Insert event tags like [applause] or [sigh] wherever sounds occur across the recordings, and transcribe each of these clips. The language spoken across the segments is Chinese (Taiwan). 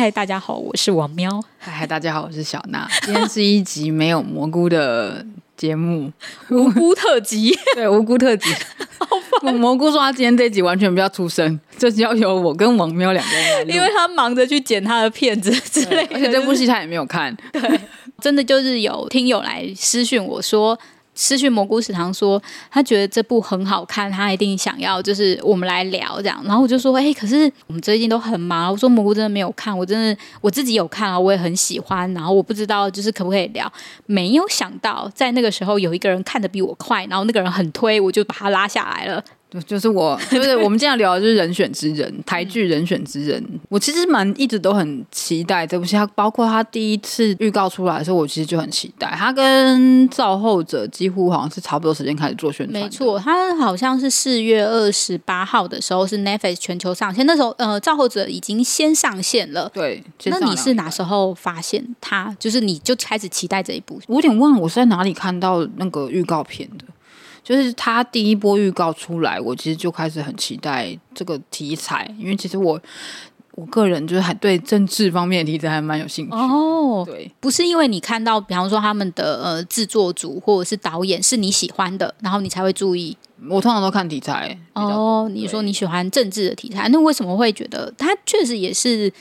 嗨，hi, 大家好，我是王喵。嗨嗨，大家好，我是小那。今天是一集沒有蘑菇的節目，無菇特輯，對無菇特輯。我蘑菇說他今天這集完全不要出聲，就是要求我跟王喵兩個人。 [laughs] 因為他忙着去剪他的片子之類的，而且這部戲他也沒有看。對， [laughs] 真的就是有聽友來私訊我說。失去蘑菇食堂說，他覺得這部很好看，他一定想要，就是我們來聊這樣。然後我就說，誒、欸，可是我們最近都很忙。我說蘑菇真的沒有看，我真的我自己有看啊，我也很喜歡。然後我不知道就是可不可以聊。沒有想到在那個時候有一個人看得比我快，然後那個人很推，我就把他拉下來了。就，就是我，對不對？我們今天聊的就是《人選之人》 [laughs] 台劇《人選之人》，我其實蠻一直都很期待對不起，他包括他第一次預告出來的時候，我其實就很期待。他跟趙後者幾乎好像是差不多時間開始做宣傳。沒錯，他好像是四月二十八號的時候是 Netflix 全球上線，那時候呃，趙後者已經先上線了。對，那你是哪時候發現他？就是你就開始期待這一部？我有點忘了，我是在哪裡看到那個預告片的？就是他第一波預告出來，我其實就開始很期待這個題材，因為其實我我個人就是還對政治方面的題材還蠻有興趣哦。對，不是因為你看到，比方說他們的呃製作組或者是導演是你喜歡的，然後你才會注意。我通常都看題材比較多哦。你說你喜歡政治的題材，那為什麼會覺得他確實也是？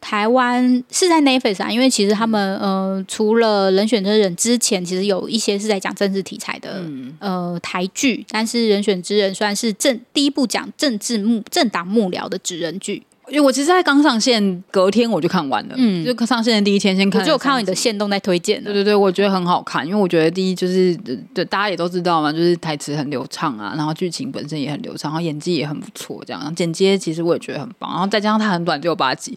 台灣是在 Netflix 啊，因為其實他們呃，除了《人選之人》之前，其實有一些是在講政治題材的、嗯、呃台劇，但是《人選之人》雖然是政第一部講政治幕政黨幕僚的職人劇。因為我其實在剛上線，隔天我就看完了。嗯，就上線的第一天先看了。可是我看到你的線動在推薦了。對對對，我覺得很好看，因為我覺得第一就是對對，大家也都知道嘛，就是台詞很流暢啊，然後劇情本身也很流暢，然後演技也很不錯，這樣。然後剪接其實我也覺得很棒，然後再加上它很短，只有八集，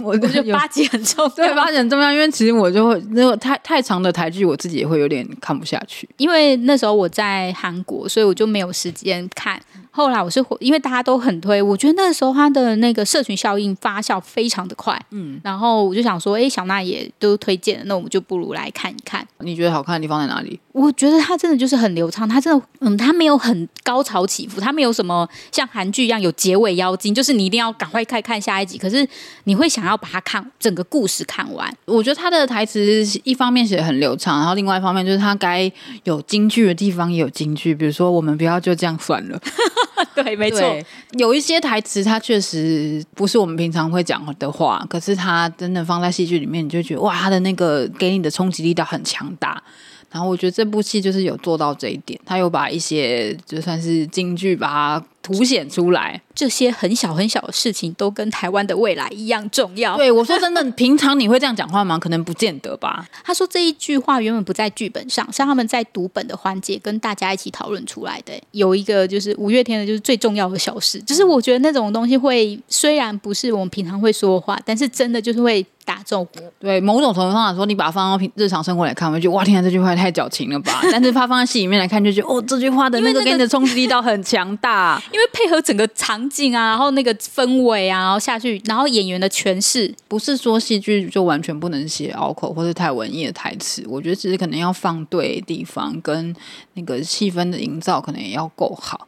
我覺得我就八集很重要，對，八集很重要，因為其實我就會那個太太長的台劇，我自己也會有點看不下去。因為那時候我在韓國，所以我就沒有時間看。後來我是因為大家都很推，我覺得那個時候他的那個社群效應發酵非常的快，嗯，然後我就想說，哎，小娜也都推薦了，那我們就不如來看一看。你覺得好看的地方在哪裡？我覺得他真的就是很流暢，他真的，嗯，他沒有很高潮起伏，他沒有什麼像韓劇一樣有結尾妖精，就是你一定要趕快看看下一集，可是你會想要把它看整個故事看完。我覺得他的台詞一方面寫得很流暢，然後另外一方面就是他該有金句的地方也有金句，比如說，我們不要就這樣算了。 [laughs] [laughs] 對，沒錯，有一些台詞，它確實不是我們平常會講的話，可是它真的放在戲劇裡面，你就覺得哇，它的那個給你的衝擊力道很強大。然後我覺得這部戲就是有做到這一點，他有把一些就算是京劇把它凸顯出來。這些很小很小的事情，都跟台灣的未來一樣重要。對，我說真的， [laughs] 平常你會這樣講話嗎？可能不見得吧。他說這一句話原本不在劇本上，像他們在讀本的環節跟大家一起討論出來的。有一個就是五月天的，就是最重要的小事。就是我覺得那種東西會，雖然不是我們平常會說的話，但是真的就是會打中。對，某種程度上來說，你把它放到平日常生活來看，我就覺得哇，天哪，這句話也太矯情了吧。 [laughs] 但是他放在戲裡面來看，就覺得哦，這句話的那個給你的衝擊力道很強大。 [laughs] 因為配合整個場境啊，然後那個氛圍啊，然後下去，然後演員的詮釋。不是說戲劇就完全不能寫拗口或者太文藝的台詞。我覺得其實可能要放對地方，跟那個氣氛的營造可能也要夠好。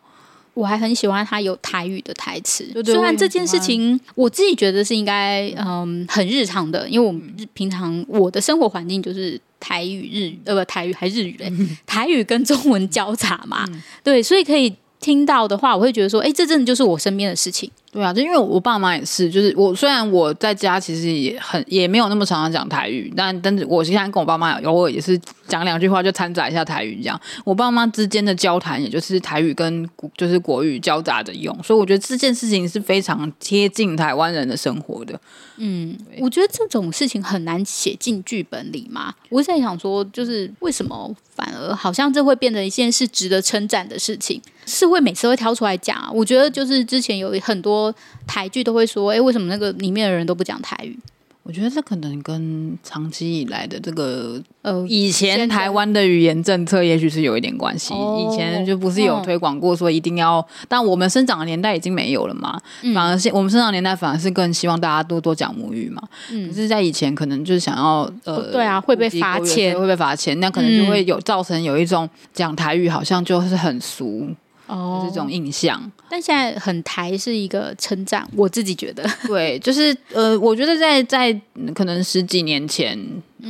我還很喜歡他有台語的台詞，對對，雖然這件事情我，我自己覺得是應該嗯很日常的，因為我們平常我的生活環境就是台語日語呃，不，台語還日語嘞，台語跟中文交叉嘛，嗯、對，所以可以。聽到的話，我會覺得說，哎，這真的就是我身邊的事情。對啊，就因為我爸媽也是，就是我雖然我在家其實也很也沒有那麼常常講台語，但但是我現在跟我爸媽偶爾也是講兩句話就摻雜一下台語這樣。我爸媽之間的交談也就是台語跟就是國語交雜着用，所以我覺得這件事情是非常貼近台灣人的生活的。嗯，對我覺得這種事情很難寫進劇本裡嘛。我是在想說，就是為什麼反而好像這會變成一件是值得稱讚的事情，是會每次會挑出來講啊？我覺得就是之前有很多。台劇都會說，哎，為什麼那個裡面的人都不講台語？我覺得這可能跟長期以來的這個呃，以前台灣的語言政策，也許是有一點關係。哦、以前就不是有推廣過說一定要，哦、但我們生長的年代已經沒有了嘛。嗯、反而是我們生長的年代，反而是更希望大家多多講母語嘛。嗯、可是，在以前，可能就是想要呃、哦，對啊，會被罰錢，會被罰錢，那可能就會有、嗯、造成有一種講台語好像就是很俗。哦，oh, 這種印象，但現在很台是一個稱讚，我自己覺得對，就是呃，我覺得在在可能十幾年前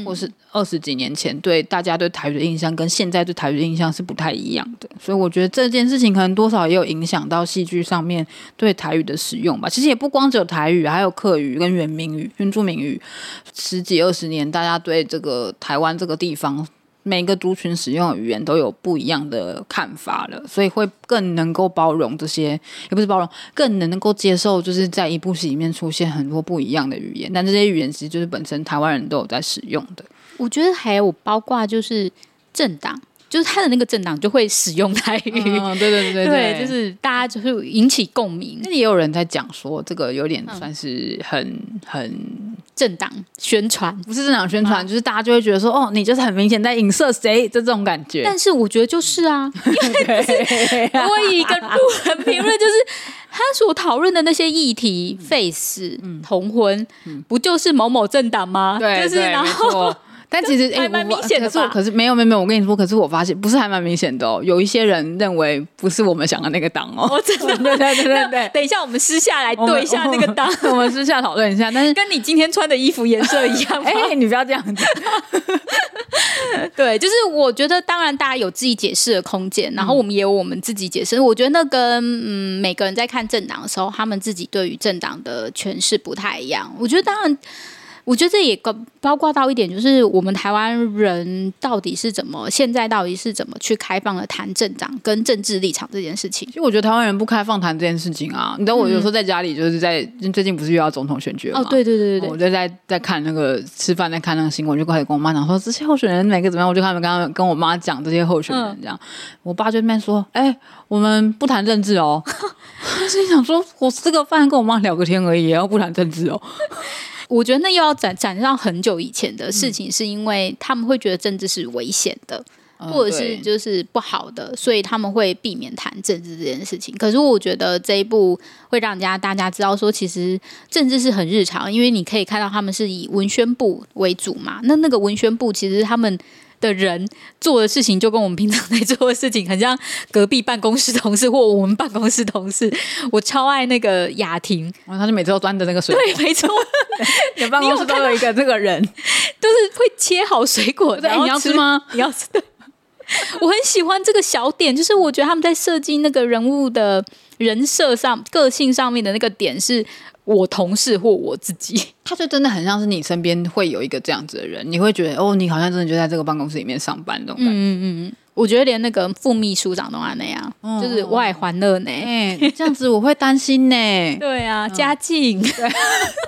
或是二十幾年前，嗯、對大家對台語的印象跟現在對台語的印象是不太一樣的，對所以我覺得這件事情可能多少也有影響到戲劇上面對台語的使用吧。其實也不光只有台語，還有客語跟原民語、原住民語。十幾二十年，大家對這個台灣這個地方。每個族群使用的語言都有不一樣的看法了，所以會更能夠包容這些，也不是包容，更能能夠接受，就是在一部戲裡面出現很多不一樣的語言，但這些語言其實就是本身台灣人都有在使用的。我覺得還有，包括就是政黨。就是他的那個政黨就會使用台語，對對對對，就是大家就是引起共鳴。那也有人在講說，這個有點算是很很政黨宣傳，不是政黨宣傳，就是大家就會覺得說，哦，你就是很明顯在影射誰，就這種感覺。但是我覺得就是啊，因為不是我一個路人評論，就是他所討論的那些議題，廢死、同婚，不就是某某政黨嗎？對，就是然後。但其實還蠻明顯的吧？欸、可是可是沒有沒有沒有，我跟你說，可是我發現不是還蠻明顯的哦。有一些人認為不是我們想的那個黨哦，哦，哦。對對對對對，等一下我們私下來對一下那個黨，我們私下討論一下。但是跟你今天穿的衣服顏色一樣。哎、欸，你不要這樣子 [laughs] 對，就是我覺得，當然大家有自己解釋的空間，然後我們也有我們自己解釋。嗯、我覺得那跟、個、嗯每個人在看政黨的時候，他們自己對於政黨的詮釋不太一樣。我覺得當然。我覺得這也包包括到一點，就是我們台灣人到底是怎麼現在到底是怎麼去開放的談政黨跟政治立場這件事情。其實我覺得台灣人不開放談這件事情啊，你知道我有時候在家裡就是在、嗯、最近不是遇到總統選舉嗎？哦，對對對對、哦、我就在在看那個吃飯在看那個新聞，就開始跟我媽講說這些候選人哪個怎麼樣，我就開始跟跟我媽講這些候選人這樣。嗯、我爸就那邊說：“哎、欸，我們不談政治哦。”他是想說我吃個飯跟我媽聊個天而已，要不談政治哦。 [laughs] 我覺得那又要展展上很久以前的事情，是因為他們會覺得政治是危險的，嗯、或者是就是不好的，哦、所以他們會避免談政治這件事情。可是我覺得這一部會讓人家大家知道說，其實政治是很日常，因為你可以看到他們是以文宣部為主嘛。那那個文宣部其實他們的人做的事情就跟我們平常在做的事情很像，隔壁辦公室同事或我們辦公室同事，我超愛那個雅婷，他就每次都端着那個水果，對沒錯錯，你辦公室都有一個這個人，都是會切好水果，是欸、你要吃嗎？你要吃的。我很喜歡這個小點，就是我覺得他們在設計那個人物的人設上、個性上面的那個點是。我同事或我自己， [laughs] 他就真的很像是你身邊會有一個這樣子的人，你會覺得哦，你好像真的就在這個辦公室裡面上班那種感覺。嗯嗯嗯我覺得連那個副秘書長都安那樣，嗯、就是外歡樂呢。哎、欸，這樣子我會擔心呢、欸。 [laughs] 對啊，家境，嗯、對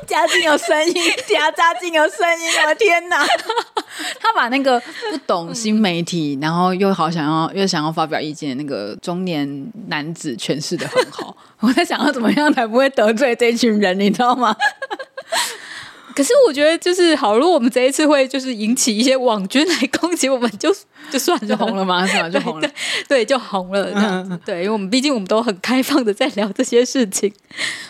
家境有聲音， [laughs] 家家境有聲音、啊。我的天哪！ [laughs] 他把那個不懂新媒體，嗯、然後又好想要，又想要發表意見那個中年男子詮釋的很好。 [laughs] 我在想要怎麼樣才不會得罪這群人，你知道嗎？ [laughs] 可是我覺得就是，好，如果我們這一次會就是引起一些網軍來攻擊，我們就。 [laughs] 就算就紅了嘛，算就紅了，對，就紅了這樣。對，因為我們畢竟我們都很開放的在聊這些事情。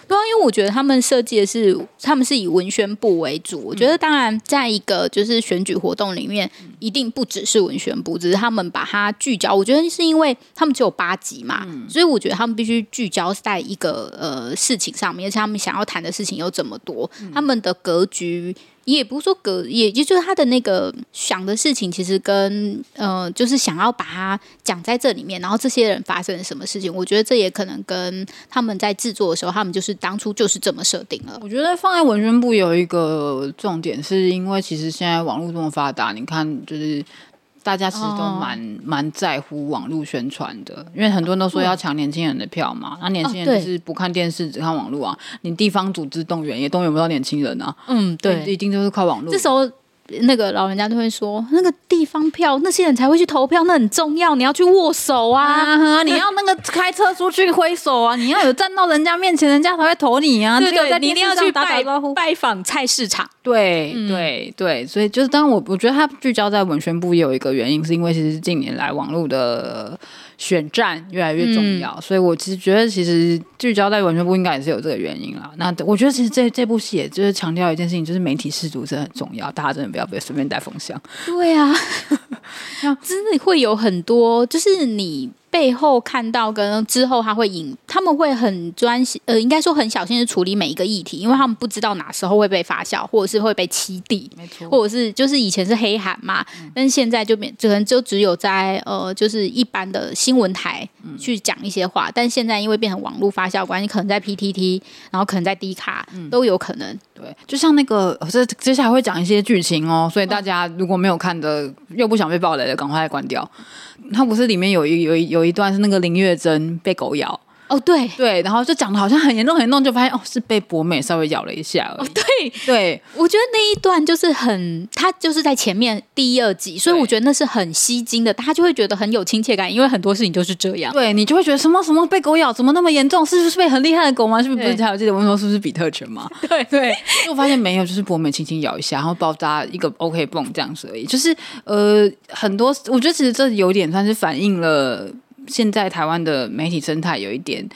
對啊，因為我覺得他們設計的是，他們是以文宣部為主。嗯、我覺得當然，在一個就是選舉活動裡面，一定不只是文宣部，嗯、只是他們把它聚焦。我覺得是因為他們只有八集嘛，嗯、所以我覺得他們必須聚焦在一個呃事情上面，而且他們想要談的事情有這麼多，嗯、他們的格局。也不是說隔，也就就是他的那個想的事情，其實跟呃，就是想要把它講在這裡面，然後這些人發生了什麼事情，我覺得這也可能跟他們在制作的時候，他們就是當初就是這麼設定了。我覺得放在文宣部有一個重點，是因為其實現在網絡這麼發達，你看就是。大家其實都蠻蠻、哦、在乎網絡宣傳的，因為很多人都說要搶年輕人的票嘛，那、嗯啊、年輕人就是不看電視，哦、只看網絡啊。你地方組織動員也動員不到年輕人啊，嗯，對，對，一定就是靠網絡。那個老人家就會說，那個地方票那些人才會去投票，那很重要。你要去握手啊，啊你要那個開車出去揮手啊， [laughs] 你要有站到人家面前，人家才會投你啊。對對，你一定要去拜，打打招呼，拜訪菜市場。對對對，所以就是，當我我覺得他聚焦在文宣部，也有一個原因，是因為其實近年來網絡的。選戰越來越重要，嗯、所以我其實覺得，其實聚焦在文宣部應該也是有這個原因啦。那我覺得，其實這這部戲也就是強調一件事情，就是媒體識讀真的很重要，大家真的不要被隨便帶風向。對啊， [laughs] 真的會有很多，就是你。背後看到跟之後他會引，他們會很專心，呃，應該說很小心去處理每一個議題，因為他們不知道哪時候會被發酵，或者是會被起底，沒錯，或者是就是以前是黑韓嘛，嗯、但是現在就變，可能就只有在呃，就是一般的新聞台去講一些話，嗯、但現在因為變成網絡發酵關係，可能在 PTT，然後可能在 D 卡、嗯、都有可能，對，就像那個，哦、這接下來會講一些劇情哦，所以大家如果沒有看的，嗯、又不想被暴雷的，趕快來關掉。他不是裡面有一有一有一段是那個林月珍被狗咬。哦，對對，然後就講的好像很嚴重很嚴重，就發現哦，是被博美稍微咬了一下。哦，對對，我覺得那一段就是很，他就是在前面第二集，所以我覺得那是很吸睛的，大家就會覺得很有親切感，因為很多事情就是這樣。對，你就會覺得什麼什麼被狗咬怎麼那麼嚴重，是不是被很厲害的狗嗎？是不是不是？才有記者問說是不是比特犬嗎？對對，因為我發現沒有，就是博美輕輕咬一下，然後包紮一個 OK 繃這樣子而已。就是呃，很多我覺得其實這有點算是反映了。現在台灣的媒體生態有一點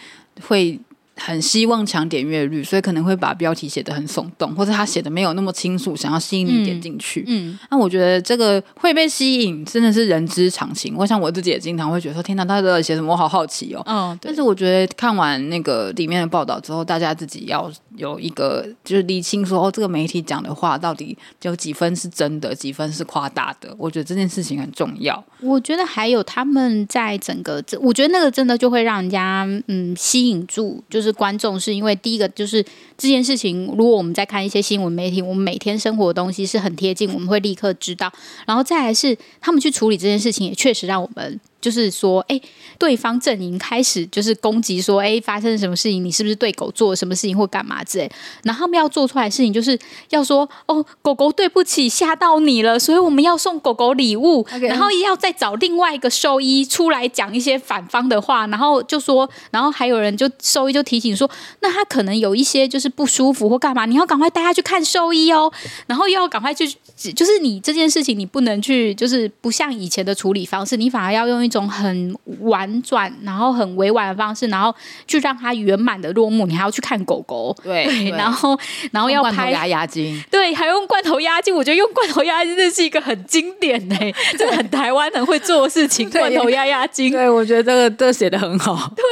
會，很希望搶點閱率，所以可能會把標題寫的很聳動，或者他寫的沒有那麼清楚，想要吸引你點進去嗯。嗯，那、啊、我覺得這個會被吸引，真的是人之常情。我想我自己也經常會覺得說：“天哪，他都在寫什麼？我好好奇哦、喔。”嗯，但是我覺得看完那個裡面的報道之後，大家自己要有一個就是理清說：“哦，這個媒體講的話到底有幾分是真的，幾分是誇大的？”我覺得這件事情很重要。我覺得還有他們在整個這，我覺得那個真的就會讓人家嗯吸引住，就是。觀眾是因為第一個就是這件事情，如果我們在看一些新聞媒體，我們每天生活的東西是很貼近，我們會立刻知道。然後再來是他們去處理這件事情，也確實讓我們。就是說，誒、欸，對方陣營開始就是攻擊說，誒、欸，發生什麼事情？你是不是對狗做了什麼事情或幹嘛之類？然後他們要做出來的事情，就是要說，哦，狗狗對不起，嚇到你了，所以我們要送狗狗禮物，Okay. 然後要再找另外一個獸醫出來講一些反方的話，然後就說，然後還有人就獸醫就提醒說，那他可能有一些就是不舒服或幹嘛，你要趕快帶他去看獸醫哦，然後又要趕快去。就是你這件事情，你不能去，就是不像以前的處理方式，你反而要用一種很婉轉，然後很委婉的方式，然後去讓它圓滿的落幕。你還要去看狗狗，對，對然後然後要拍壓壓驚對，還用罐頭壓壓驚。我覺得用罐頭壓驚這是一個很經典哎、欸，這個對很台灣人會做的事情，對罐頭壓壓驚，對，我覺得這個這寫、個、的很好。對，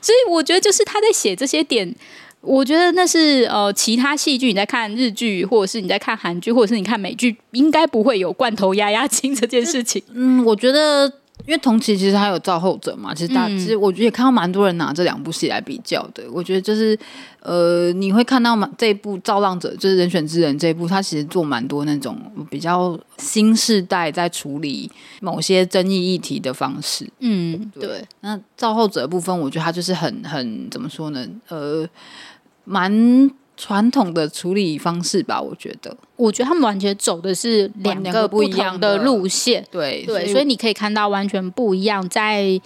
所以我覺得就是他在寫這些點。我覺得那是呃，其他戲劇，你在看日劇，或者是你在看韓劇，或者是你看美劇，應該不會有罐頭壓壓驚這件事情。嗯，我覺得因為同期其實還有造後者嘛，其實大，嗯、其實我覺得也看到蠻多人拿這兩部戲來比較的。我覺得就是呃，你會看到嘛，這一部《造浪者》就是《人選之人》這一部，他其實做蠻多那種比較新世代在處理某些爭議議題的方式。嗯，對。對那造後者的部分，我覺得他就是很很怎麼說呢？呃。蠻傳統的處理方式吧，我覺得，我覺得他們完全走的是兩個不一樣的路線，對對，所以，所以你可以看到完全不一樣，在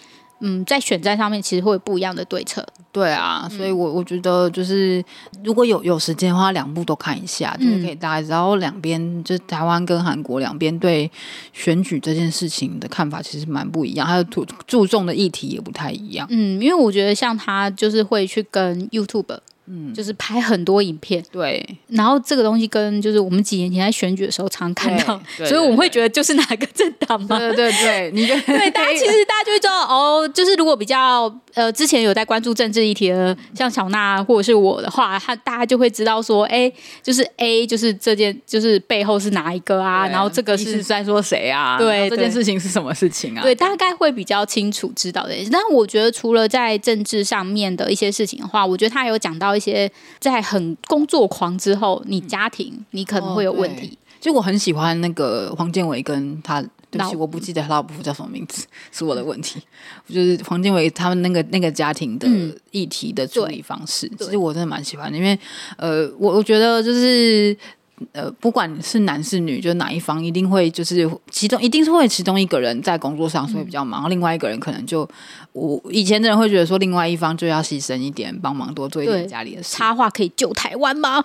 嗯，在選戰上面其實會有不一樣的對策，對啊，所以我、嗯、我覺得就是如果有有時間的話，兩部都看一下，就是可以大家知道兩邊、嗯、就是台灣跟韓國兩邊對選舉這件事情的看法其實蠻不一樣，還有注注重的議題也不太一樣，嗯，因為我覺得像他就是會去跟 YouTube。嗯，就是拍很多影片，對。然後這個東西跟就是我們幾年前在選舉的時候常看到，所以我們會覺得就是哪個政黨嘛，對對對，你對， [laughs] 對大家其實大家就會知道 [laughs] 哦，就是如果比較。呃，之前有在關注政治議題的，像小那、啊、或者是我的話，他大家就會知道說，哎、欸，就是 A，就是這件，就是背後是哪一個啊？對然後這個是，是在說誰啊？對，這件事情是什麼事情啊對對？對，大概會比較清楚知道的。但我覺得，除了在政治上面的一些事情的話，我覺得他有講到一些在很工作狂之後，你家庭你可能會有問題、嗯哦。就我很喜歡那個黃健瑋跟他。是不是我不記得他老婆叫什麼名字，是我的問題。就是黃健瑋他們那個那個家庭的議題的處理方式，嗯、其實我真的蠻喜歡的，因為呃，我我覺得就是。呃，不管是男是女，就哪一方一定會就是其中一定是會其中一個人在工作上，所以比較忙，嗯、另外一個人可能就我以前的人會覺得說，另外一方就要犧牲一點，幫忙多做一點家裡的事。插畫可以救台灣嗎？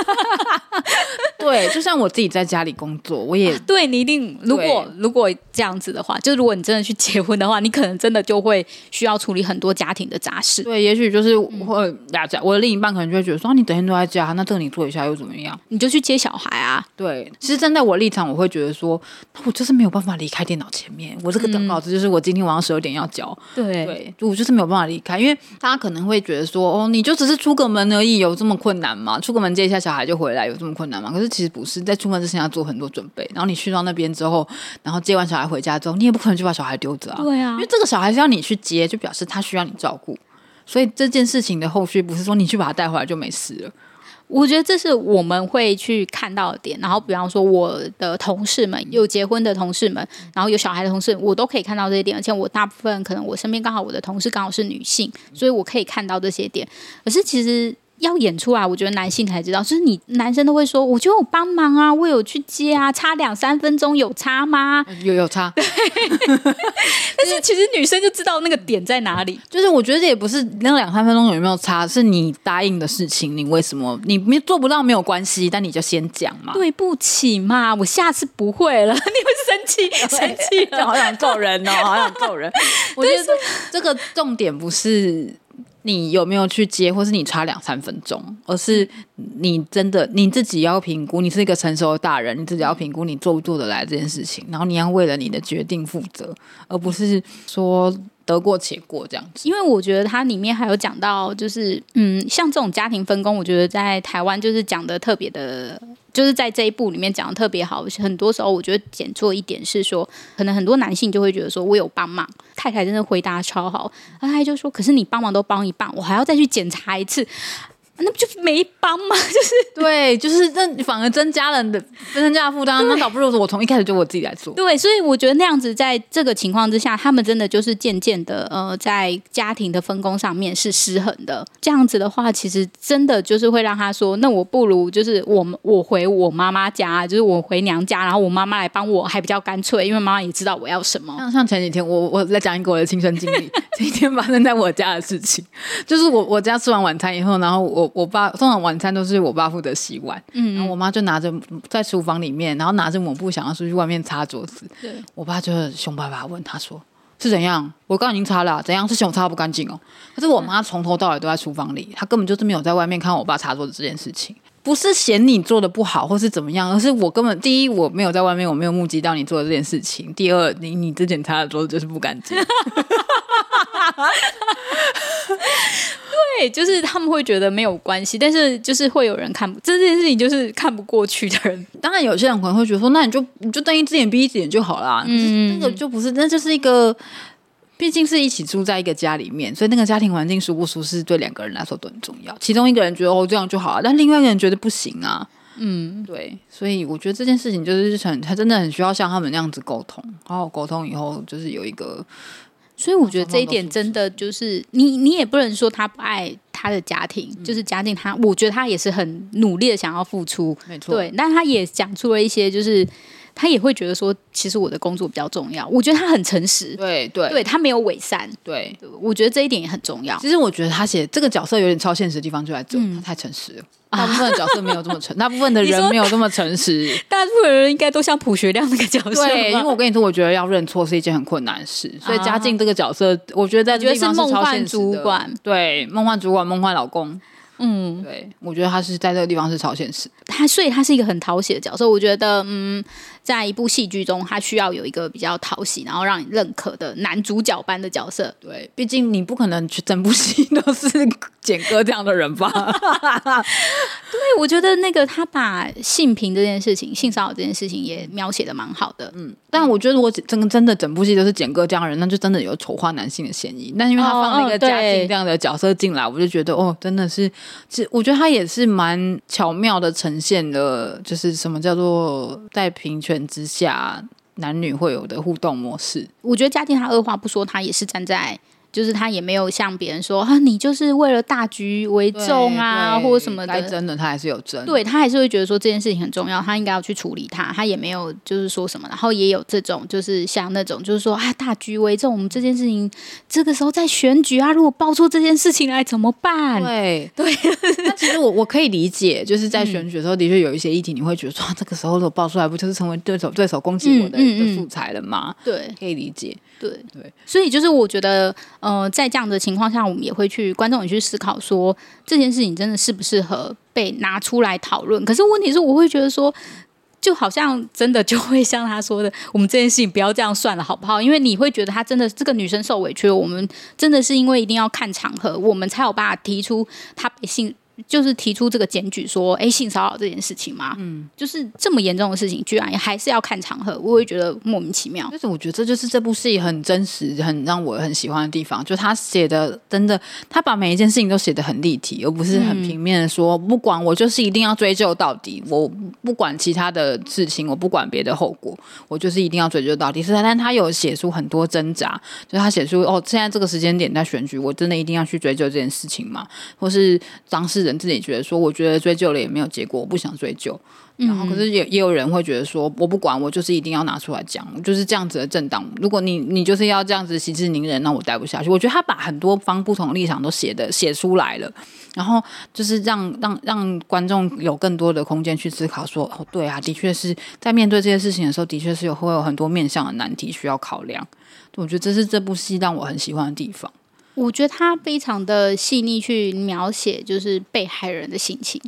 [laughs] [laughs] 對，就像我自己在家裡工作，我也、啊、對你一定。對如果如果這樣子的話，就如果你真的去結婚的話，你可能真的就會需要處理很多家庭的雜事。對，也許就是會我家、嗯、我的另一半可能就會覺得說，啊、你整天都在家，那這你做一下又怎麼樣？你就去。接小孩啊，對，其實站在我立場，我會覺得說，我就是沒有辦法離開電腦前面。我這個等稿子就是我今天晚上十二點要交，嗯、對，就我就是沒有辦法離開。因為大家可能會覺得說，哦，你就只是出個門而已，有這麼困難嗎？出個門接一下小孩就回來，有這麼困難嗎？可是其實不是，在出門之前要做很多準備。然後你去到那邊之後，然後接完小孩回家之後，你也不可能就把小孩丟着啊，對啊，因為這個小孩是要你去接，就表示他需要你照顧，所以這件事情的後續不是說你去把他帶回來就沒事了。我覺得這是我們會去看到的點。然後比方說我的同事們，有結婚的同事們，然後有小孩的同事，我都可以看到這些點，而且我大部分可能我身邊剛好我的同事剛好是女性，所以我可以看到這些點，可是其實。要演出啊，我覺得男性才知道。就是你男生都會說，我就有幫忙啊，我有去接啊，差兩三分鐘有差嗎？有，有差。但是其實女生就知道那個點在哪裡。就是我覺得這也不是那兩三分鐘有沒有差，是你答應的事情，你為什麼你沒做不到沒有關係，但你就先講嘛。對不起嘛，我下次不會了。 [laughs] 你會生氣，對生氣， [laughs] 就好想揍人哦，好想揍人。 [laughs] 我覺得這個重點不是。你有沒有去接，或是你差兩三分鐘，而是你真的你自己要評估，你是一個成熟的大人，你自己要評估你做不做得來這件事情，然後你要為了你的決定負責，而不是說。得過且過這樣子，因為我覺得它裡面還有講到，就是嗯，像這種家庭分工，我覺得在台灣就是講得特別的，就是在這一部裡面講得特別好。很多時候，我覺得簡錯一點是說，可能很多男性就會覺得說，我有幫忙，太太真的回答超好，啊，那太太就說，可是你幫忙都幫一半，我還要再去檢查一次。那不就是沒幫嗎？就是對，就是那反而增加了你的，增加負擔。 [laughs] 對那倒不如說，我從一開始就我自己來做。對，所以我覺得那樣子，在這個情況之下，他們真的就是漸漸的，呃，在家庭的分工上面是失衡的。這樣子的話，其實真的就是會讓他說，那我不如就是我我回我媽媽家，就是我回娘家，然後我媽媽來幫我，還比較乾脆，因為媽媽也知道我要什麼。像像前幾天我，我我在講一個我的親身經歷， [laughs] 前幾天發生在我家的事情，就是我我家吃完晚餐以後，然後我。我我爸通常晚餐都是我爸負責洗碗，嗯嗯然後我媽就拿着在廚房裡面，然後拿着抹布想要出去外面擦桌子。對我爸就是兇巴巴問他說：“是怎樣？我剛已經擦了啊，怎樣是熊擦不乾淨哦？”可是我媽從頭到尾都在廚房裡，她根本就是沒有在外面看我爸擦桌子這件事情。不是嫌你做的不好或是怎麼樣，而是我根本，第一我沒有在外面，我沒有目擊到你做的這件事情。第二，你你之前擦的桌子就是不乾淨。 [laughs] [laughs] 對，就是他們會覺得沒有關係，但是就是會有人看這件事情，就是看不過去的人。當然，有些人可能會覺得說，那你就你就睜一隻眼閉一隻眼就好啦。嗯，那個就不是，那就是一個。畢竟是一起住在一個家裡面，所以那個家庭環境舒不舒適對兩個人來說都很重要。其中一個人覺得哦這樣就好了啊，但另外一個人覺得不行啊。嗯，對，所以我覺得這件事情就是很，他真的很需要像他們那樣子溝通，好好溝通以後就是有一個。所以我覺得這一點真的就是，你你也不能說他不愛他的家庭，就是家境他，嗯，我覺得他也是很努力的想要付出，沒錯。對，但他也講出了一些就是。他也會覺得說，其實我的工作比較重要。我覺得他很誠實，對對，對，對他沒有偽善。對，對，我覺得這一點也很重要。其實我覺得他寫這個角色有點超現實的地方就在這、嗯、他太誠實了。啊、大部分的角色沒有這麼誠，大 [laughs] 部分的人沒有這麼誠實。大部分人應該都像朴學亮那個角色，對。因為我跟你說，我覺得要認錯是一件很困難的事。所以家競這個角色，我覺得在這個地方是夢、啊、幻主管，對，夢幻主管，夢幻老公。嗯，對，我覺得他是在這個地方是超現實。他，所以他是一個很討喜的角色。我覺得，嗯。在一部戲劇中，他需要有一個比較討喜，然後讓你認可的男主角般的角色。對，畢竟你不可能去整部戲都是簡哥這樣的人吧？對，我覺得那個他把性平這件事情、性騷擾這件事情也描寫的蠻好的。嗯，但我覺得我整真的整部戲都是簡哥這樣的人，那就真的有醜化男性的嫌疑。那因為他放那個家競這樣的角色進來，哦、對我就覺得哦，真的是，是，我覺得他也是蠻巧妙的呈現了，就是什麼叫做在平權。本之下，男女會有的互動模式，我覺得家競他二話不說，他也是站在。就是他也沒有向別人說啊，你就是為了大局為重啊，對或什麼的對。真的他還是有針對，他還是會覺得說這件事情很重要，他應該要去處理它，他也沒有就是說什麼，然後也有這種就是像那種就是說啊，大局為重，我們這件事情這個時候在選舉啊，如果爆出這件事情來怎麼辦？對對。那對 [laughs] 其實我我可以理解，就是在選舉的時候，嗯、的確有一些議題，你會覺得說這個時候如果爆出來，不就是成為對手對手攻擊我的一個、嗯嗯嗯、素材了嗎？對，可以理解。對，所以就是我覺得，呃，在這樣的情況下，我們也會去觀眾也去思考說，這件事情真的適不適合被拿出來討論？可是問題是，我會覺得說，就好像真的就會像他說的，我們這件事情不要這樣算了，好不好？因為你會覺得他真的這個女生受委屈了，我們真的是因為一定要看場合，我們才有辦法提出他被性。就是提出這個檢舉說，哎，性騷擾這件事情嘛，嗯，就是這麼嚴重的事情，居然還是要看場合，我會覺得莫名其妙。但是我覺得這就是這部戲很真實，很讓我很喜歡的地方，就他寫的真的，他把每一件事情都寫得很立體，而不是很平面的說，嗯、不管我就是一定要追究到底，我不管其他的事情，我不管別的後果，我就是一定要追究到底。是他，但他有寫出很多掙扎，就他寫出哦，現在這個時間點在選舉，我真的一定要去追究這件事情嘛，或是當時。人自己覺得說，我覺得追究了也沒有結果，我不想追究。嗯嗯。然後，可是也也有人會覺得說，我不管，我就是一定要拿出來講，就是這樣子的政黨。如果你你就是要這樣子息事寧人，那我待不下去。我覺得他把很多方不同的立場都寫的寫出來了，然後就是讓讓讓觀眾有更多的空間去思考說，說哦，對啊，的確是在面對這些事情的時候，的確是有會有很多面向的難題需要考量。我覺得這是這部戲讓我很喜歡的地方。我覺得他非常的細膩去描寫，就是被害人的心情。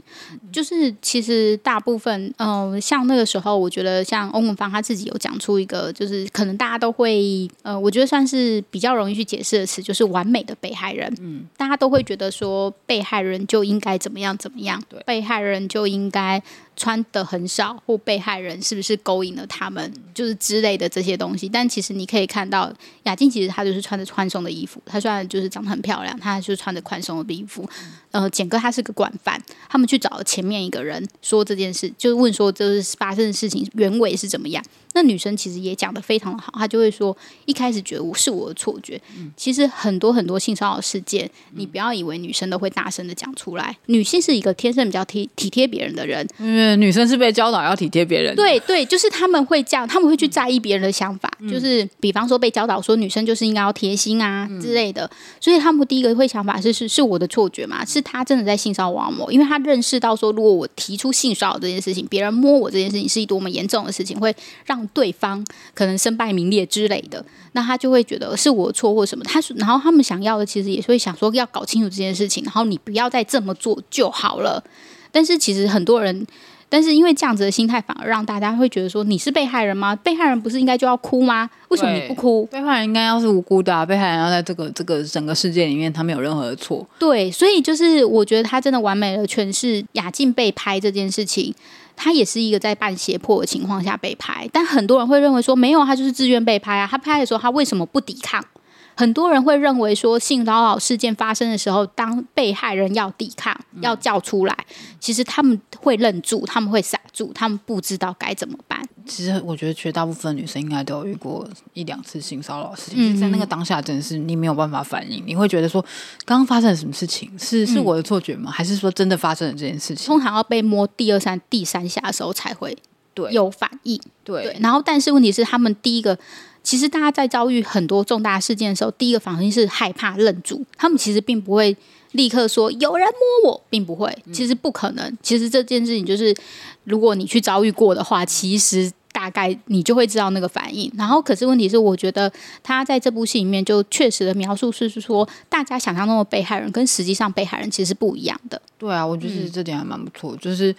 就是其實大部分，嗯，像那個時候，我覺得像翁文方他自己有講出一個，就是可能大家都會，呃，我覺得算是比較容易去解釋的詞，就是完美的被害人。嗯，大家都會覺得說被害人就應該怎麼樣怎麼樣，被害人就應該。穿的很少，或被害人是不是勾引了他們，就是之類的這些東西。但其實你可以看到，亞靜其實她就是穿着寬鬆的衣服，她雖然就是長得很漂亮，她就是穿着寬鬆的衣服。呃，簡哥他是個慣犯，他們去找前面一個人說這件事，就是問說，這是發生的事情原委是怎麼樣。那女生其實也講的非常的好，她就會說一開始覺得我是我的錯覺，嗯、其實很多很多性騷擾事件，你不要以為女生都會大聲的講出來，嗯、女性是一個天生比較體體貼別人的人，因為、嗯嗯、女生是被教導要體貼別人的，對對，就是他們會這樣，他們會去在意別人的想法，嗯、就是比方說被教導說女生就是應該要貼心啊、嗯、之類的，所以他們第一個會想法是是是我的錯覺嘛，是他真的在性騷擾我，因為他認識到說如果我提出性騷擾這件事情，別人摸我這件事情是一多麼嚴重的事情，會讓。對方可能身敗名裂之類的，那他就會覺得是我錯或什麼。他然後他們想要的其實也是會想說，要搞清楚這件事情，然後你不要再這麼做就好了。但是其實很多人。但是因為這樣子的心態，反而讓大家會覺得說，你是被害人嗎？被害人不是應該就要哭嗎？為什麼你不哭？被害人應該要是無辜的啊，被害人要在這個這個整個世界裡面，他沒有任何的錯。對，所以就是我覺得他真的完美的詮釋亞靜被拍這件事情，他也是一個在半脅迫的情況下被拍，但很多人會認為說沒有，他就是自願被拍啊，他拍的時候，他為什麼不抵抗？很多人會認為說性騷擾事件發生的時候，當被害人要抵抗、要叫出來，嗯、其實他們會愣住，他們會傻住，他們不知道該怎麼辦。其實我覺得絕大部分女生應該都有遇過一兩次性騷擾事件，嗯、在那個當下真的是你沒有辦法反應，嗯、你會覺得說剛剛發生了什麼事情，是、是我的錯覺嗎？還是說真的發生了這件事情？通常要被摸第二、三、第三下的時候才會有反應。對，對，對，然後但是問題是，他們第一個。其實大家在遭遇很多重大事件的時候，第一個反應是害怕、愣住。他們其實並不會立刻說“有人摸我”，並不會。其實不可能。其實這件事情就是，如果你去遭遇過的話，其實大概你就會知道那個反應。然後，可是問題是，我覺得他在這部戲裡面就確實的描述是是說，大家想象中的被害人跟實際上被害人其實是不一樣的。對啊，我覺得這點還蠻不錯。嗯、就是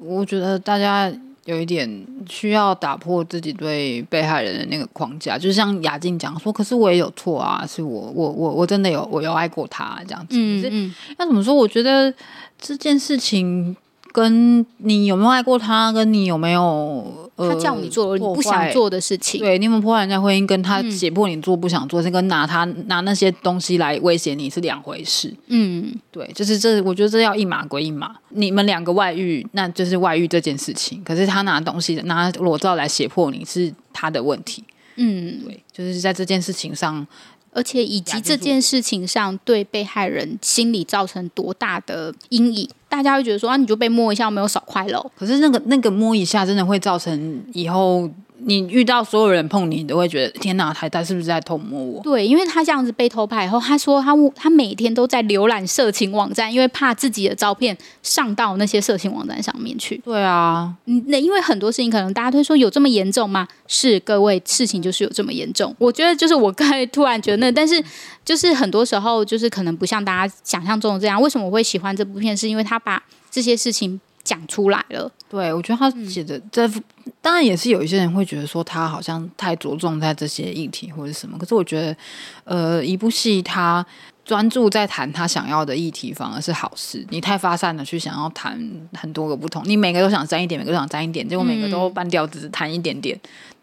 我覺得大家。有一點需要打破自己對被害人的那個框架，就像亞靜講說，可是我也有錯啊，是我，我，我，我真的有，我有愛過他這樣子。嗯嗯、可是那怎麼說？我覺得這件事情。跟你有沒有愛過他，跟你有沒有呃，他叫你做了你不想做的事情，對，你們破壞人家婚姻，跟他脅迫你做不想做，這個、嗯、拿他拿那些東西來威脅你是兩回事。嗯，對，就是這，我覺得這要一碼歸一碼。你們兩個外遇，那就是外遇這件事情；可是他拿東西拿裸照來脅迫你是他的問題。嗯，對，就是在這件事情上，而且以及這件事情上對被害人心理造成多大的陰影。大家會覺得說啊，那你就被摸一下，沒有少塊肉。可是那個那個摸一下，真的會造成以後。你遇到所有人碰你，你都會覺得天哪，他他是不是在偷摸我？對，因為他這樣子被偷拍以後，他說他他每天都在瀏覽色情網站，因為怕自己的照片上到那些色情網站上面去。對啊，那因為很多事情可能大家都會說，有這麼嚴重嗎？是各位，事情就是有這麼嚴重。我覺得就是我剛才突然覺得，那但是就是很多時候就是可能不像大家想象中的這樣。為什麼我會喜歡這部片？是因為他把這些事情。講出來了，對，我覺得他寫的這，嗯、當然也是有一些人會覺得說他好像太着重在這些議題或者什麼。可是我覺得，呃，一部戲他專注在談他想要的議題，反而是好事。你太發散的去想要談很多個不同，你每個都想沾一點，每個都想沾一點，結果每個都半吊子談、嗯、一點點。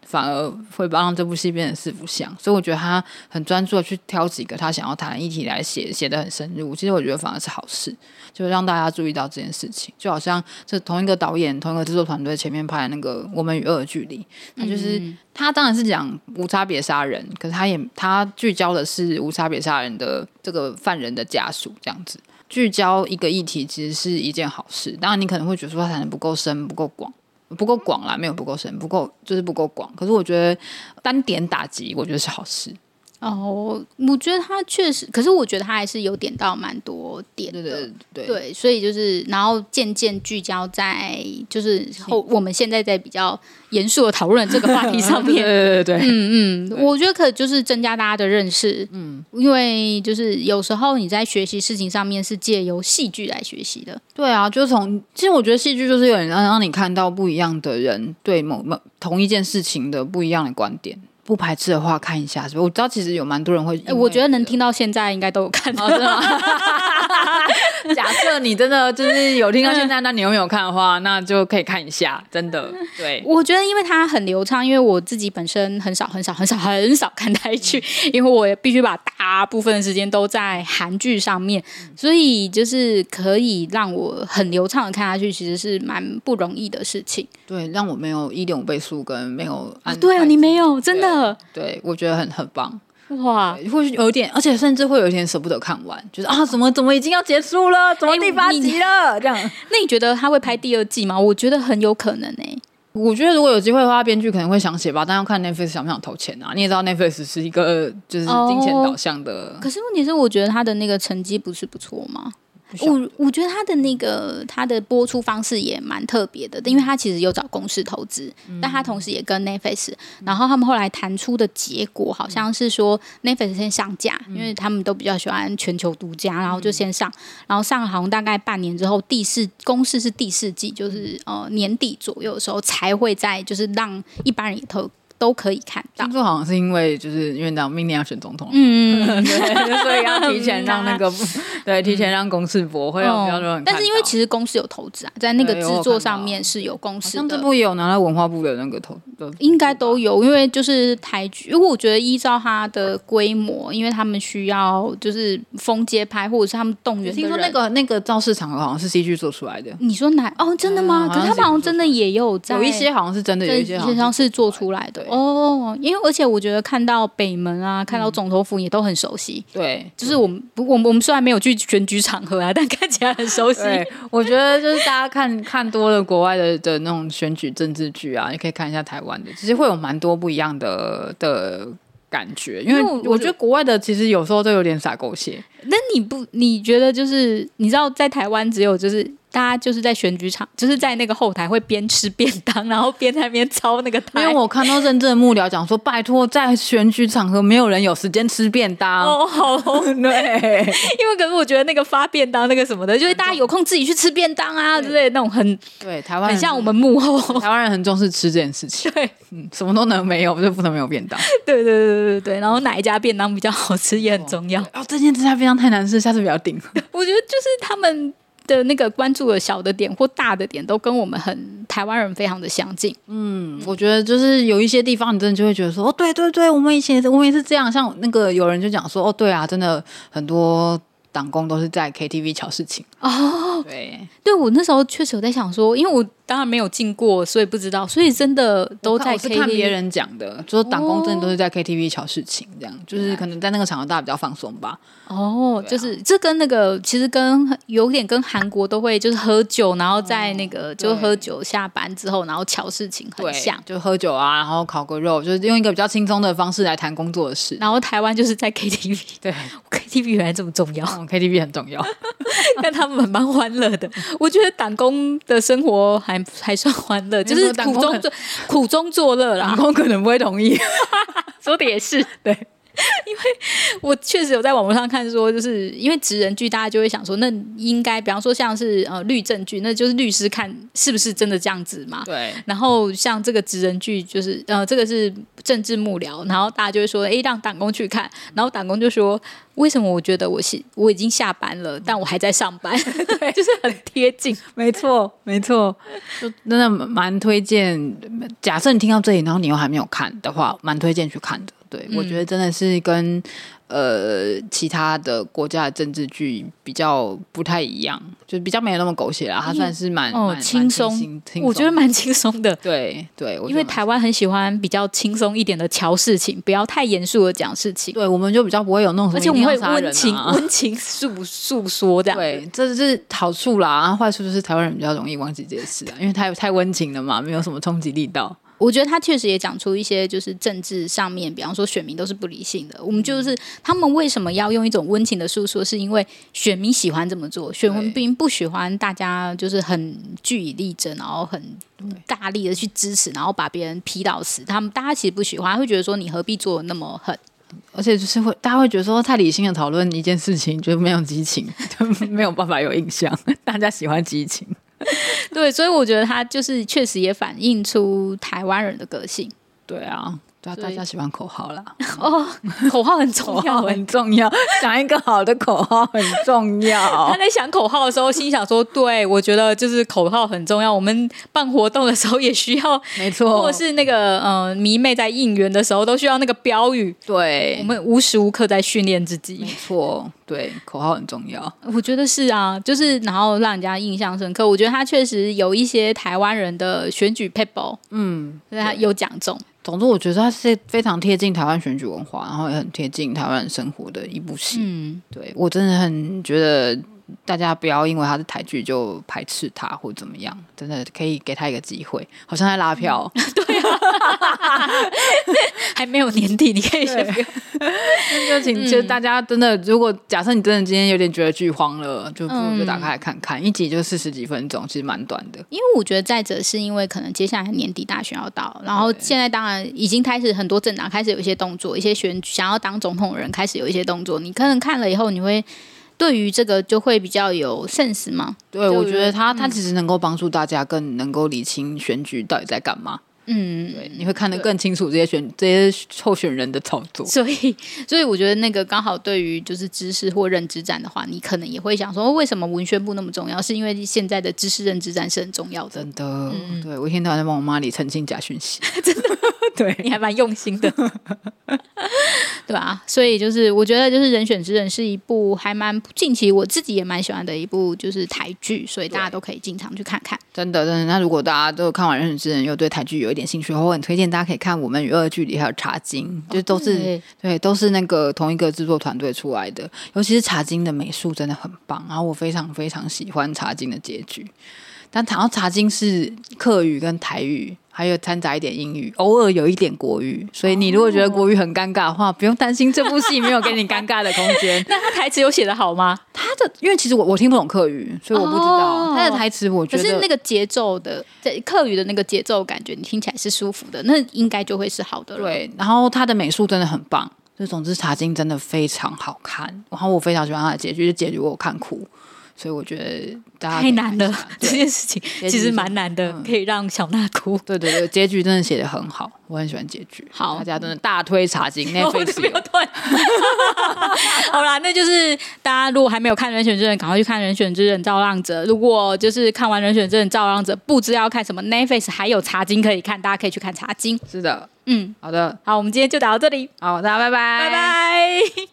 反而會幫這部戲變成四不像，所以我覺得他很專注的去挑幾個他想要談的議題來寫，寫的很深入。其實我覺得反而是好事，就讓大家注意到這件事情。就好像這同一個導演，同一個製作團隊前面拍的那個《我們與惡的距離》，他就是他當然是講無差別殺人，可是他也他聚焦的是無差別殺人的這個犯人的家屬這樣子。聚焦一個議題其實是一件好事，當然你可能會覺得說他談的不夠深、不夠廣。不夠廣啦，沒有不夠深，不夠就是不夠廣。可是我覺得單點打擊，我覺得是好事。哦，我覺得他確實，可是我覺得他還是有點到蠻多點的，對，對，對，對，對，所以就是然後漸漸聚焦在就是我們現在在比較嚴肅的討論的這個話題上面， [laughs] 對，對對對，嗯嗯，我覺得可能就是增加大家的認識，嗯對，因為就是有時候你在學習事情上面是借由戲劇來學習的，對啊，就從其實我覺得戲劇就是有人讓讓你看到不一樣的人對某，某，某同一件事情的不一樣的觀點。不排斥的話，看一下。我我知道，其實有蠻多人會。我覺得能聽到現在，應該都有看。哦。真的嗎？ [laughs] 假設你真的就是有聽到現在，那你有沒有看的話，那就可以看一下。真的，對。我覺得因為它很流暢，因為我自己本身很少、很少、很少、很少看台劇，因為我必須把大部分的時間都在韓劇上面，所以就是可以讓我很流暢的看下去，其實是蠻不容易的事情。對，讓我沒有一點五倍速跟沒有。哦。對啊，你沒有對真的。對，我覺得很很棒，哇！或有點，而且甚至會有一點捨不得看完，就是啊，怎麼怎麼已經要結束了，怎麼第八集了、欸、這樣？那你覺得他會拍第二季嗎？我覺得很有可能呢、欸。我覺得如果有機會的話，編劇可能會想寫吧，但要看 Netflix 想不想投錢啊。你也知道 Netflix 是一個就是金錢導向的，哦、可是問題是，我覺得他的那個成績不是不錯嗎？我我覺得他的那個他的播出方式也蠻特別的，因為他其實有找公司投資，但他同時也跟 Netflix 然後他們後來談出的結果好像是說 Netflix 先上架，因為他們都比較喜歡全球獨家，然後就先上，然後上好像大概半年之後第四公司是第四季，就是呃年底左右的時候才會在就是讓一般人也投。都可以看到。聽說好像是因為就是因為到明年要選總統，嗯， [laughs] 對，所以要提前讓那個、嗯、對，提前讓公司播會有，但是因為其實公司有投資啊，在那個製作上面是有公司的。啊、上次不也有拿到文化部的那個投？應該都有，因為就是台劇，如果我覺得依照它的規模，因為他們需要就是封街拍，或者是他們動員。聽說那個那個造勢場合好像是 CG 做出來的。你說哪？哦，真的嗎？嗯、可是他們好像真的也有在。有一些好像是真的，有是的，有一些好像是做出來的。對哦，因為而且我覺得看到北門啊，嗯、看到總統府也都很熟悉。對，就是我們，嗯、我我們雖然沒有去選舉場合啊，但看起來很熟悉。我覺得就是大家看 [laughs] 看多了國外的的那種選舉政治劇啊，也可以看一下台灣的，其實會有蠻多不一樣的的感覺。因為，就是，因為我覺得國外的其實有時候都有點灑狗血。那你不，你覺得就是你知道在台灣只有就是。大家就是在選舉場，就是在那個後台會邊吃便當，然後邊在那邊抄那個湯，因為我看到真正的幕僚講說，拜托在選舉場合沒有人有時間吃便當哦，對，因為可是我覺得那個發便當那個什麼的，重就是大家有空自己去吃便當啊之類重那種很對台灣人很像我們幕後台灣人很重視吃這件事情。對，嗯，什麼都能沒有，就不能沒有便當。對對對對對然後哪一家便當比較好吃也很重要。哦，這間這家便當太難吃，下次不要訂。我覺得就是他們。的那個關注的小的點，或大的點都跟我們很台灣人非常的相近。嗯，我覺得就是有一些地方，你真的就會覺得說，哦，對對對，我們以前我們也是這樣。像那個有人就講說，哦，對啊，真的很多黨工都是在 KTV 搞事情。哦，對，對，我那時候確實有在想說，因為我。當然沒有進過，所以不知道。所以真的都在 KTV。看，看別人講的，說、就、黨、是、工真的都是在 KTV 喬事情，這樣、oh, 就是可能在那個場合大家比較放鬆吧。哦、oh, 啊，就是這跟那個其實跟有點跟韓國都會就是喝酒，然後在那個、oh, 就喝酒下班之後，對然後喬事情很像對，就喝酒啊，然後烤個肉，就是用一個比較輕鬆的方式來談工作的事。然後台灣就是在 KTV，KTV 對，原來這麼重要、嗯、，KTV 很重要， [laughs] 但他們很蠻歡樂的。我覺得黨工的生活還。還算歡樂，因為 就是苦中苦中作樂啦。老公可能不會同意，說的也是 [laughs] 對。 [laughs] 因為我確實有在網絡上看說，就是因為職人劇，大家就會想說，那應該比方說像是呃律政劇，那就是律師看是不是真的這樣子嘛。對。然後像這個職人劇，就是呃這個是政治幕僚，然後大家就會說，誒，讓黨工去看，然後黨工就說，為什麼我覺得我是我已經下班了，但我還在上班， [laughs] 對， [laughs] 就是很貼近。 [laughs] 沒錯，沒錯， [laughs] 就那蠻推薦。假設你聽到這裡，然後你又還沒有看的話，蠻推薦去看的。對，我覺得真的是跟呃其他的國家的政治劇比較不太一樣，就比較沒有那麼狗血啦。它算是蠻哦輕鬆，我覺得蠻輕鬆的。對對，因為台灣很喜歡比較輕鬆一點的瞧事情，不要太嚴肅的講事情。對，我們就比較不會有那種，而且會溫情溫情訴訴說這樣。對，這是好處啦，壞處就是台灣人比較容易忘記這件事，因為他太溫情了嘛，沒有什麼衝擊力道。我覺得他確實也講出一些，就是政治上面，比方說選民都是不理性的。我們就是他們為什麼要用一種溫情的訴說，是因為選民喜歡這麼做。選民並不喜歡大家就是很據理力爭，然後很大力的去支持，然後把別人批到死。他們大家其實不喜歡，會覺得說你何必做那麼狠，而且就是會大家會覺得說太理性的討論一件事情，就沒有激情， [laughs] 就沒有辦法有印象。大家喜歡激情。 [laughs] 對，所以我覺得他就是確實也反映出台灣人的個性，對啊。大家喜歡口號啦，對哦，口號很重要，口號很重要。 [laughs] 想一個好的口號很重要。他在想口號的時候，心想說：“對，我覺得就是口號很重要。我們辦活動的時候也需要，沒錯。或者是那個嗯、呃，迷妹在應援的時候都需要那個標語。對，我們無時無刻在訓練自己，沒錯。對，口號很重要。我覺得是啊，就是然後讓人家印象深刻。我覺得他確實有一些台灣人的選舉 people，嗯，所以他有講中。”總之，我覺得他是非常貼近台灣選舉文化，然後也很貼近台灣生活的一部戲。嗯，對我真的很覺得，大家不要因為他是台劇就排斥他或怎麼樣，真的可以給他一個機會。好像在拉票。嗯 [laughs] 哈， [laughs] [laughs] 還沒有年底，你可以選。對 [laughs] 就請，其實、嗯、大家真的，如果假設你真的今天有點覺得劇荒了，就不用就打開來看看，嗯、一集就四十幾分鐘，其實蠻短的。因為我覺得再者是因為可能接下來年底大選要到，然後現在當然已經開始很多政黨開始有一些動作，對 一些選想要當總統的人開始有一些動作。你可能看了以後，你會對於這個就會比較有 sense 嗎？對，我覺得他、嗯、他其實能夠幫助大家更能夠理清選舉到底在幹嘛。嗯，對，你會看得更清楚這些選對這些候選人的操作。所以，所以我覺得那個剛好對於就是知識或認知戰的話，你可能也會想說，為什麼文宣部那麼重要？是因為現在的知識認知戰是很重要的。真的，嗯、對我一天到晚在幫我媽理澄清假訊息， [laughs] 真的嗎，對你還蠻用心的。 [laughs] 對吧、啊？所以就是我覺得就是《人選之人》是一部還蠻近期，我自己也蠻喜歡的一部就是台劇，所以大家都可以經常去看看。真的，真的。那如果大家都看完《人選之人》又對台劇有一點興趣，我很推薦大家可以看我們與惡的距離還有《茶金》，就是、都是、哦、對，對，都是那個同一個製作團隊出來的。尤其是《茶金》的美術真的很棒，然後我非常非常喜歡《茶金》的結局。但然後《茶金》是客語跟台語。還有摻雜一點英語，偶爾有一點國語，所以你如果覺得國語很尷尬的話，哦、不用擔心，這部戲沒有給你尷尬的空間。 [laughs] 那他台詞有寫得好嗎？他的，因為其實我我聽不懂客語，所以我不知道、哦、他的台詞。我覺得，可是那個節奏的，在客語的那個節奏感覺，你聽起來是舒服的，那應該就會是好的。對，然後他的美術真的很棒，就總之茶金真的非常好看。然後我非常喜歡他的結局，結局我看哭。所以我覺得大家大家太難了對，這件事情其實蠻難的，嗯、可以讓小娜哭。對對對，結局真的寫得很好，我很喜歡結局。好，大家真的大推茶金，Netflix。要 [laughs] 好啦，那就是大家如果還沒有看《人選之人》，趕快去看《人選之人：造浪者》。如果就是看完《人選之人：造浪者》，不知道要看什麼 Netflix，還有茶金可以看，大家可以去看茶金。是的，嗯，好的，好，我們今天就打到這裡，好，大家拜拜，拜拜。